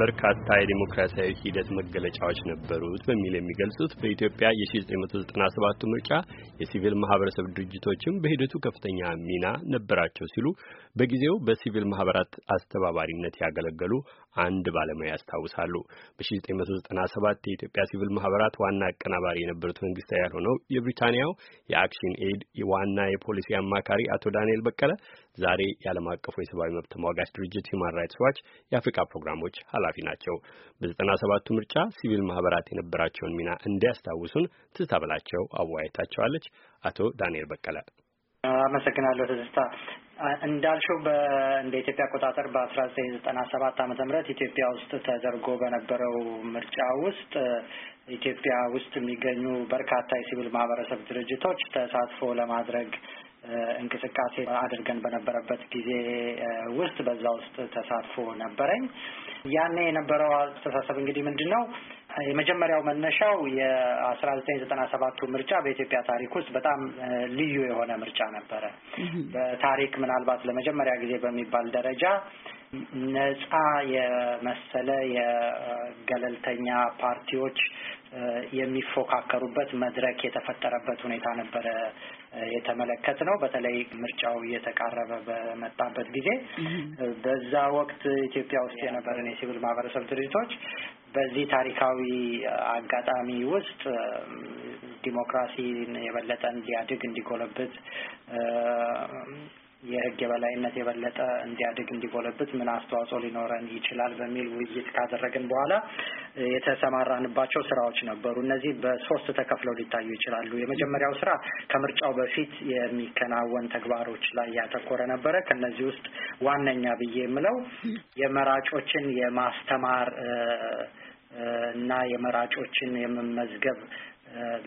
በርካታ የዴሞክራሲያዊ ሂደት መገለጫዎች ነበሩት በሚል የሚገልጹት በኢትዮጵያ የ1997 ምርጫ የሲቪል ማህበረሰብ ድርጅቶችም በሂደቱ ከፍተኛ ሚና ነበራቸው ሲሉ በጊዜው በሲቪል ማህበራት አስተባባሪነት ያገለገሉ አንድ ባለሙያ ያስታውሳሉ። በ1997 የኢትዮጵያ ሲቪል ማህበራት ዋና አቀናባሪ የነበሩት መንግስታዊ ያልሆነው የብሪታንያው የአክሽን ኤድ ዋና የፖሊሲ አማካሪ አቶ ዳንኤል በቀለ ዛሬ የዓለም አቀፉ የሰብአዊ መብት ተሟጋች ድርጅት ሂማን ራይትስ ዋች የአፍሪካ ፕሮግራሞች ኃላፊ ናቸው። በዘጠና ሰባቱ ምርጫ ሲቪል ማህበራት የነበራቸውን ሚና እንዲያስታውሱን ትዝታ በላቸው አወያይታቸዋለች። አቶ ዳንኤል በቀለ አመሰግናለሁ ትዝታ። እንዳልሽው እንደ ኢትዮጵያ አቆጣጠር በአስራ ዘጠኝ ዘጠና ሰባት ዓመተ ምህረት ኢትዮጵያ ውስጥ ተደርጎ በነበረው ምርጫ ውስጥ ኢትዮጵያ ውስጥ የሚገኙ በርካታ የሲቪል ማህበረሰብ ድርጅቶች ተሳትፎ ለማድረግ እንቅስቃሴ አድርገን በነበረበት ጊዜ ውስጥ በዛ ውስጥ ተሳትፎ ነበረኝ። ያኔ የነበረው አስተሳሰብ እንግዲህ ምንድን ነው? የመጀመሪያው መነሻው የአስራ ዘጠኝ ዘጠና ሰባቱ ምርጫ በኢትዮጵያ ታሪክ ውስጥ በጣም ልዩ የሆነ ምርጫ ነበረ። በታሪክ ምናልባት ለመጀመሪያ ጊዜ በሚባል ደረጃ ነጻ የመሰለ የገለልተኛ ፓርቲዎች የሚፎካከሩበት መድረክ የተፈጠረበት ሁኔታ ነበረ የተመለከት ነው። በተለይ ምርጫው እየተቃረበ በመጣበት ጊዜ በዛ ወቅት ኢትዮጵያ ውስጥ የነበረን የሲቪል ማህበረሰብ ድርጅቶች በዚህ ታሪካዊ አጋጣሚ ውስጥ ዲሞክራሲን የበለጠ እንዲያድግ እንዲጎለብት የህግ የበላይነት የበለጠ እንዲያድግ እንዲጎለብት ምን አስተዋጽኦ ሊኖረን ይችላል በሚል ውይይት ካደረግን በኋላ የተሰማራንባቸው ስራዎች ነበሩ። እነዚህ በሶስት ተከፍለው ሊታዩ ይችላሉ። የመጀመሪያው ስራ ከምርጫው በፊት የሚከናወን ተግባሮች ላይ ያተኮረ ነበረ። ከነዚህ ውስጥ ዋነኛ ብዬ የምለው የመራጮችን የማስተማር እና የመራጮችን የመመዝገብ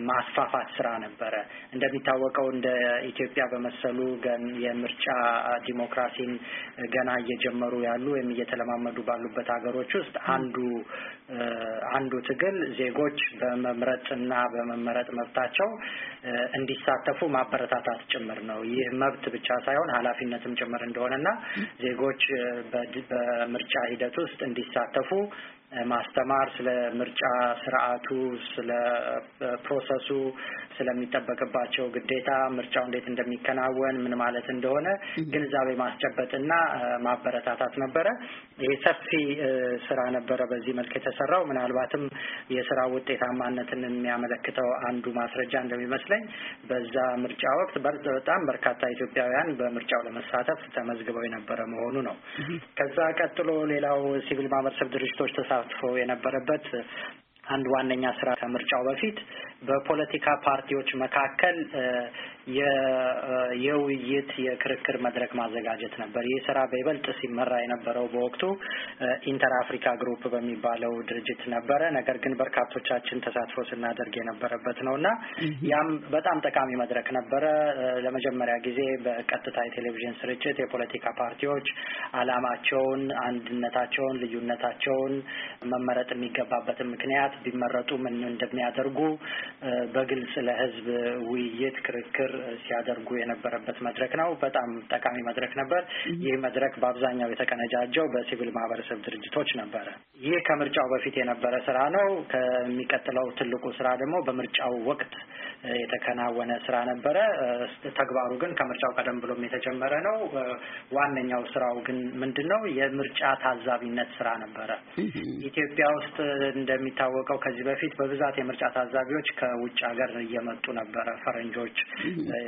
ማስፋፋት ስራ ነበረ። እንደሚታወቀው እንደ ኢትዮጵያ በመሰሉ የምርጫ ዲሞክራሲን ገና እየጀመሩ ያሉ ወይም እየተለማመዱ ባሉበት ሀገሮች ውስጥ አንዱ አንዱ ትግል ዜጎች በመምረጥና በመመረጥ መብታቸው እንዲሳተፉ ማበረታታት ጭምር ነው። ይህ መብት ብቻ ሳይሆን ኃላፊነትም ጭምር እንደሆነና ዜጎች በምርጫ ሂደት ውስጥ እንዲሳተፉ ማስተማር፣ ስለ ምርጫ ስርዓቱ፣ ስለ ፕሮሰሱ ስለሚጠበቅባቸው ግዴታ ምርጫው እንዴት እንደሚከናወን ምን ማለት እንደሆነ ግንዛቤ ማስጨበጥና ማበረታታት ነበረ። ይሄ ሰፊ ስራ ነበረ በዚህ መልክ የተሰራው። ምናልባትም የስራ ውጤታማነትን የሚያመለክተው አንዱ ማስረጃ እንደሚመስለኝ በዛ ምርጫ ወቅት በጣም በርካታ ኢትዮጵያውያን በምርጫው ለመሳተፍ ተመዝግበው የነበረ መሆኑ ነው። ከዛ ቀጥሎ ሌላው ሲቪል ማህበረሰብ ድርጅቶች ተሳትፎ የነበረበት አንድ ዋነኛ ስራ ከምርጫው በፊት በፖለቲካ ፓርቲዎች መካከል የውይይት የክርክር መድረክ ማዘጋጀት ነበር። ይህ ስራ በይበልጥ ሲመራ የነበረው በወቅቱ ኢንተር አፍሪካ ግሩፕ በሚባለው ድርጅት ነበረ። ነገር ግን በርካቶቻችን ተሳትፎ ስናደርግ የነበረበት ነው እና ያም በጣም ጠቃሚ መድረክ ነበረ። ለመጀመሪያ ጊዜ በቀጥታ የቴሌቪዥን ስርጭት የፖለቲካ ፓርቲዎች አላማቸውን አንድነታቸውን፣ ልዩነታቸውን መመረጥ የሚገባበትን ምክንያት ቢመረጡ ምን እንደሚያደርጉ በግልጽ ለህዝብ ውይይት፣ ክርክር ሲያደርጉ የነበረበት መድረክ ነው። በጣም ጠቃሚ መድረክ ነበር። ይህ መድረክ በአብዛኛው የተቀነጃጀው በሲቪል ማህበረሰብ ድርጅቶች ነበረ። ይህ ከምርጫው በፊት የነበረ ስራ ነው። ከሚቀጥለው ትልቁ ስራ ደግሞ በምርጫው ወቅት የተከናወነ ስራ ነበረ። ተግባሩ ግን ከምርጫው ቀደም ብሎም የተጀመረ ነው። ዋነኛው ስራው ግን ምንድን ነው? የምርጫ ታዛቢነት ስራ ነበረ። ኢትዮጵያ ውስጥ እንደሚታወቀው ከዚህ በፊት በብዛት የምርጫ ታዛቢዎች ከ ከውጭ ሀገር እየመጡ ነበረ ፈረንጆች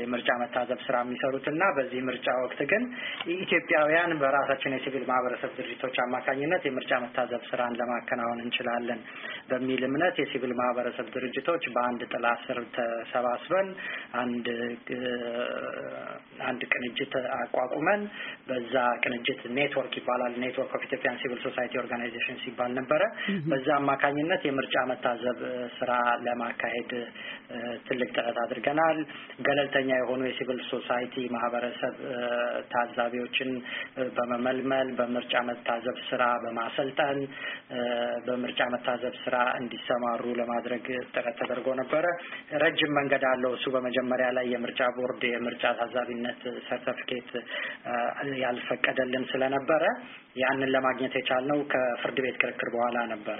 የምርጫ መታዘብ ስራ የሚሰሩት እና በዚህ ምርጫ ወቅት ግን ኢትዮጵያውያን በራሳችን የሲቪል ማህበረሰብ ድርጅቶች አማካኝነት የምርጫ መታዘብ ስራን ለማከናወን እንችላለን በሚል እምነት የሲቪል ማህበረሰብ ድርጅቶች በአንድ ጥላ ስር ተሰባስበን አንድ አንድ ቅንጅት አቋቁመን በዛ ቅንጅት ኔትወርክ ይባላል። ኔትወርክ ኦፍ ኢትዮጵያን ሲቪል ሶሳይቲ ኦርጋናይዜሽን ሲባል ነበረ። በዛ አማካኝነት የምርጫ መታዘብ ስራ ለማካሄድ ለማካሄድ ትልቅ ጥረት አድርገናል። ገለልተኛ የሆኑ የሲቪል ሶሳይቲ ማህበረሰብ ታዛቢዎችን በመመልመል በምርጫ መታዘብ ስራ በማሰልጠን በምርጫ መታዘብ ስራ እንዲሰማሩ ለማድረግ ጥረት ተደርጎ ነበረ። ረጅም መንገድ አለው እሱ። በመጀመሪያ ላይ የምርጫ ቦርድ የምርጫ ታዛቢነት ሰርተፍኬት ያልፈቀደልን ስለነበረ ያንን ለማግኘት የቻልነው ከፍርድ ቤት ክርክር በኋላ ነበረ።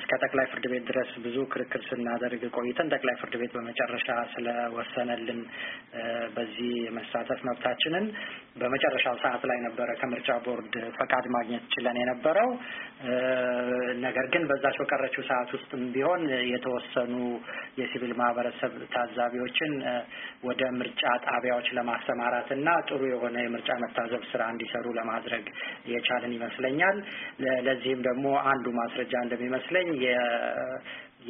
እስከ ጠቅላይ ፍርድ ቤት ድረስ ብዙ ክርክር ስናደ ስናደርግ ቆይተን ጠቅላይ ፍርድ ቤት በመጨረሻ ስለወሰነልን በዚህ የመሳተፍ መብታችንን በመጨረሻው ሰዓት ላይ ነበረ ከምርጫ ቦርድ ፈቃድ ማግኘት ችለን የነበረው። ነገር ግን በዛች በቀረችው ሰዓት ውስጥም ቢሆን የተወሰኑ የሲቪል ማህበረሰብ ታዛቢዎችን ወደ ምርጫ ጣቢያዎች ለማሰማራት እና ጥሩ የሆነ የምርጫ መታዘብ ስራ እንዲሰሩ ለማድረግ የቻልን ይመስለኛል። ለዚህም ደግሞ አንዱ ማስረጃ እንደሚመስለኝ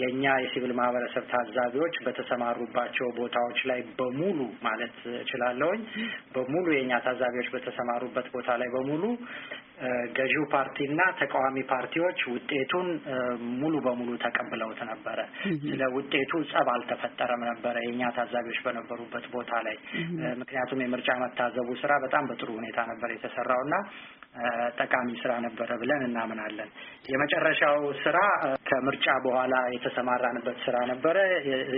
የእኛ የሲቪል ማህበረሰብ ታዛቢዎች በተሰማሩባቸው ቦታዎች ላይ በሙሉ ማለት እችላለሁኝ በሙሉ የእኛ ታዛቢዎች በተሰማሩበት ቦታ ላይ በሙሉ ገዢው ፓርቲና ተቃዋሚ ፓርቲዎች ውጤቱን ሙሉ በሙሉ ተቀብለውት ነበረ። ስለ ውጤቱ ጸብ አልተፈጠረም ነበረ የእኛ ታዛቢዎች በነበሩበት ቦታ ላይ ምክንያቱም የምርጫ መታዘቡ ስራ በጣም በጥሩ ሁኔታ ነበር የተሰራውና ጠቃሚ ስራ ነበረ ብለን እናምናለን። የመጨረሻው ስራ ከምርጫ በኋላ የተሰማራንበት ስራ ነበረ።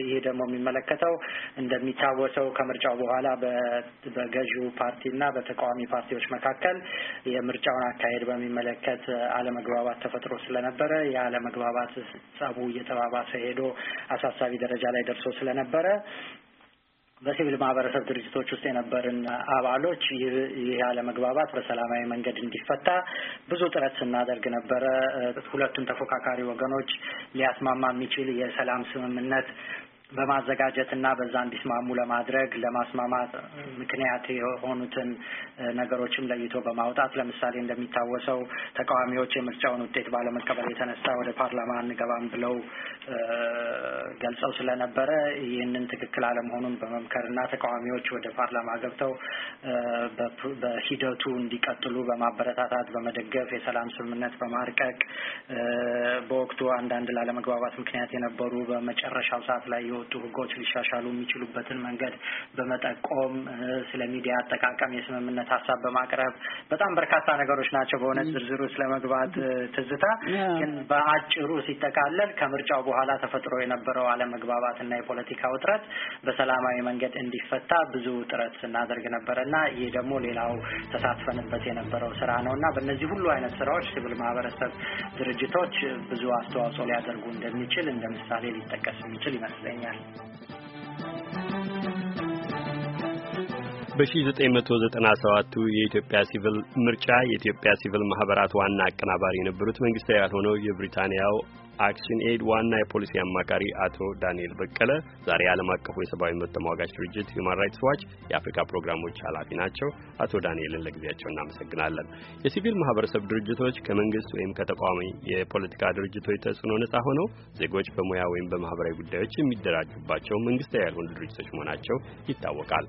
ይሄ ደግሞ የሚመለከተው እንደሚታወሰው ከምርጫው በኋላ በገዢው ፓርቲና በተቃዋሚ ፓርቲዎች መካከል የምርጫውን አካሄድ በሚመለከት አለመግባባት ተፈጥሮ ስለነበረ የአለመግባባት ጸቡ እየተባባሰ ሄዶ አሳሳቢ ደረጃ ላይ ደርሶ ስለነበረ በሲቪል ማህበረሰብ ድርጅቶች ውስጥ የነበርን አባሎች ይህ አለመግባባት በሰላማዊ መንገድ እንዲፈታ ብዙ ጥረት ስናደርግ ነበረ። ሁለቱም ተፎካካሪ ወገኖች ሊያስማማ የሚችል የሰላም ስምምነት በማዘጋጀትና በዛ እንዲስማሙ ለማድረግ ለማስማማት ምክንያት የሆኑትን ነገሮችም ለይቶ በማውጣት ለምሳሌ እንደሚታወሰው ተቃዋሚዎች የምርጫውን ውጤት ባለመቀበል የተነሳ ወደ ፓርላማ እንገባም ብለው ገልጸው ስለነበረ ይህንን ትክክል አለመሆኑን በመምከርና ተቃዋሚዎች ወደ ፓርላማ ገብተው በሂደቱ እንዲቀጥሉ በማበረታታት በመደገፍ የሰላም ስምምነት በማርቀቅ በወቅቱ አንዳንድ ላለመግባባት ምክንያት የነበሩ በመጨረሻው ሰዓት ላይ የወጡ ህጎች ሊሻሻሉ የሚችሉበትን መንገድ በመጠቆም ስለ ሚዲያ አጠቃቀም የስምምነት ሀሳብ በማቅረብ በጣም በርካታ ነገሮች ናቸው። በእውነት ዝርዝሩ ስለ ትዝታ ግን በአጭሩ ሲጠቃለል ከምርጫው በኋላ ተፈጥሮ የነበረው አለመግባባት እና የፖለቲካ ውጥረት በሰላማዊ መንገድ እንዲፈታ ብዙ ጥረት ስናደርግ ነበረ እና ይህ ደግሞ ሌላው ተሳትፈንበት የነበረው ስራ ነው እና በእነዚህ ሁሉ አይነት ስራዎች ሲቪል ማህበረሰብ ድርጅቶች ብዙ አስተዋጽኦ ሊያደርጉ እንደሚችል እንደ ምሳሌ ሊጠቀስ የሚችል ይመስለኛል። China. በ1997ቱ የኢትዮጵያ ሲቪል ምርጫ የኢትዮጵያ ሲቪል ማህበራት ዋና አቀናባሪ የነበሩት መንግስታዊ ያልሆነው የብሪታንያው አክሽን ኤድ ዋና የፖሊሲ አማካሪ አቶ ዳንኤል በቀለ ዛሬ ዓለም አቀፉ የሰብአዊ መብት ተሟጋች ድርጅት ሂውማን ራይትስ ዋች የአፍሪካ ፕሮግራሞች ኃላፊ ናቸው። አቶ ዳንኤልን ለጊዜያቸው እናመሰግናለን። የሲቪል ማህበረሰብ ድርጅቶች ከመንግስት ወይም ከተቃዋሚ የፖለቲካ ድርጅቶች ተጽዕኖ ነጻ ሆነው ዜጎች በሙያ ወይም በማህበራዊ ጉዳዮች የሚደራጁባቸው መንግስታዊ ያልሆኑ ድርጅቶች መሆናቸው ይታወቃል።